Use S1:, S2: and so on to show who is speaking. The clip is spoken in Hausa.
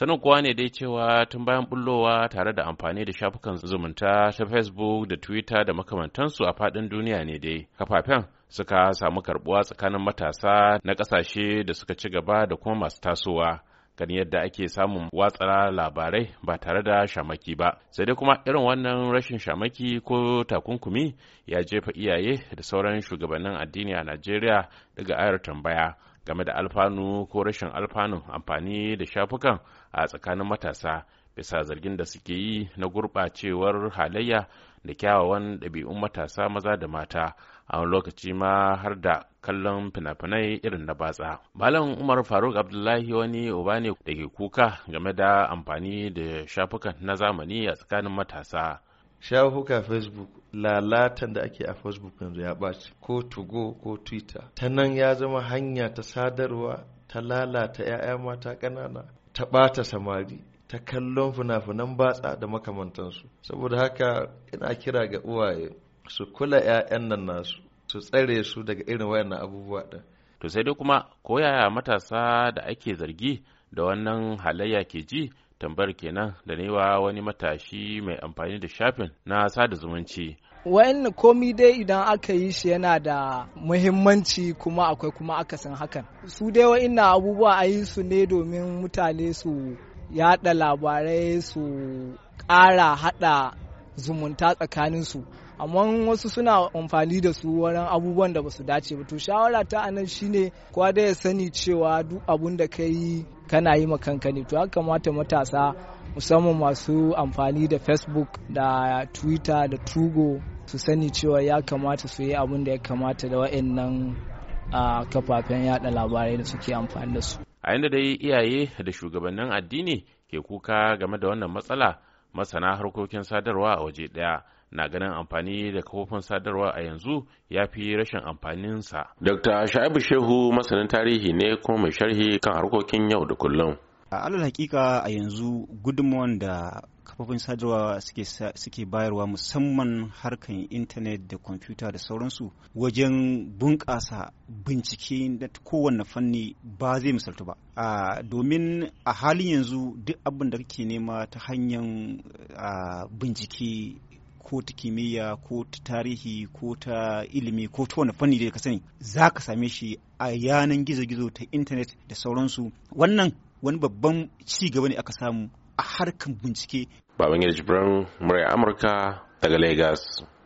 S1: sanin kuwa ne dai cewa tun bayan bullowa tare da amfani da shafukan zumunta ta facebook da twitter da makamantansu a faɗin duniya ne dai kafafen suka samu karbuwa tsakanin matasa na ƙasashe da suka ci gaba da kuma masu tasowa kan yadda ake samun watsa labarai ba tare da shamaki ba sai dai kuma irin wannan rashin shamaki ko takunkumi ya jefa iyaye da sauran shugabannin addini a najeriya daga ayar tambaya game da alfanu ko rashin alfanu amfani da shafukan a tsakanin matasa bisa zargin da suke yi na gurɓacewar halayya da kyawawan ɗabi'un matasa maza da mata a wani lokaci ma har da kallon fina-finai irin na batsa. Malam Umar Faruk Abdullahi wani uba ne da ke kuka game da amfani da shafukan na zamani a tsakanin matasa. shafuka
S2: facebook lalatan da ake a facebook yanzu ya ɓaci ko tugo ko twitter ta nan ya zama hanya ta sadarwa ta lalata 'ya'ya mata ƙanana ta ɓata samari ta kallon fina batsa da makamantansu saboda haka ina kira ga uwaye su kula 'ya'yan nan nasu su tsare su daga irin wayannan abubuwa ɗin to sai dai kuma yaya matasa
S1: da ake zargi da wannan halayya ke ji tambayar kenan da newa wani matashi mai amfani da shafin na sada zumunci
S3: wa'in komi dai idan aka yi shi yana da muhimmanci kuma akwai kuma akasin hakan su dai wa'in abubuwa a yi su ne domin mutane su yada labarai su kara hada zumunta tsakaninsu amma wasu suna amfani da su wurin abubuwan da basu dace ba to shawara ta anan shine kowa da ya sani cewa duk abun da ka yi kana yi kanka ne to ya kamata matasa musamman masu amfani da facebook da twitter da tugo su sani cewa ya kamata su yi abun da ya kamata da wa'annan kafafen yada labarai da suke amfani da su
S1: a inda dai iyaye da shugabannin addini ke kuka game da wannan matsala masana harkokin sadarwa a waje ɗaya na ganin amfani da kafofin sadarwa a yanzu ya fi rashin amfaninsa. Dr. Sha'ibu Shehu masanin tarihi ne kuma mai sharhi kan harkokin yau da kullum. a alal
S4: hakika a yanzu gudunmuwan da kafofin sadarwa suke bayarwa musamman harkan intanet da kwamfuta da sauransu wajen bunƙasa bincike da kowane fanni ba zai misaltu ba domin a halin yanzu duk abin da kake nema ta hanyar bincike ko ta kimiyya ko ta tarihi ko ta ilimi ko ta wani fanni da ka sani za ka same shi a yanan gizo-gizo ta intanet da sauransu wannan wani babban ci gaba ne aka samu a harkan bincike.
S2: Babangida Jibrin, murya Amurka daga Legas.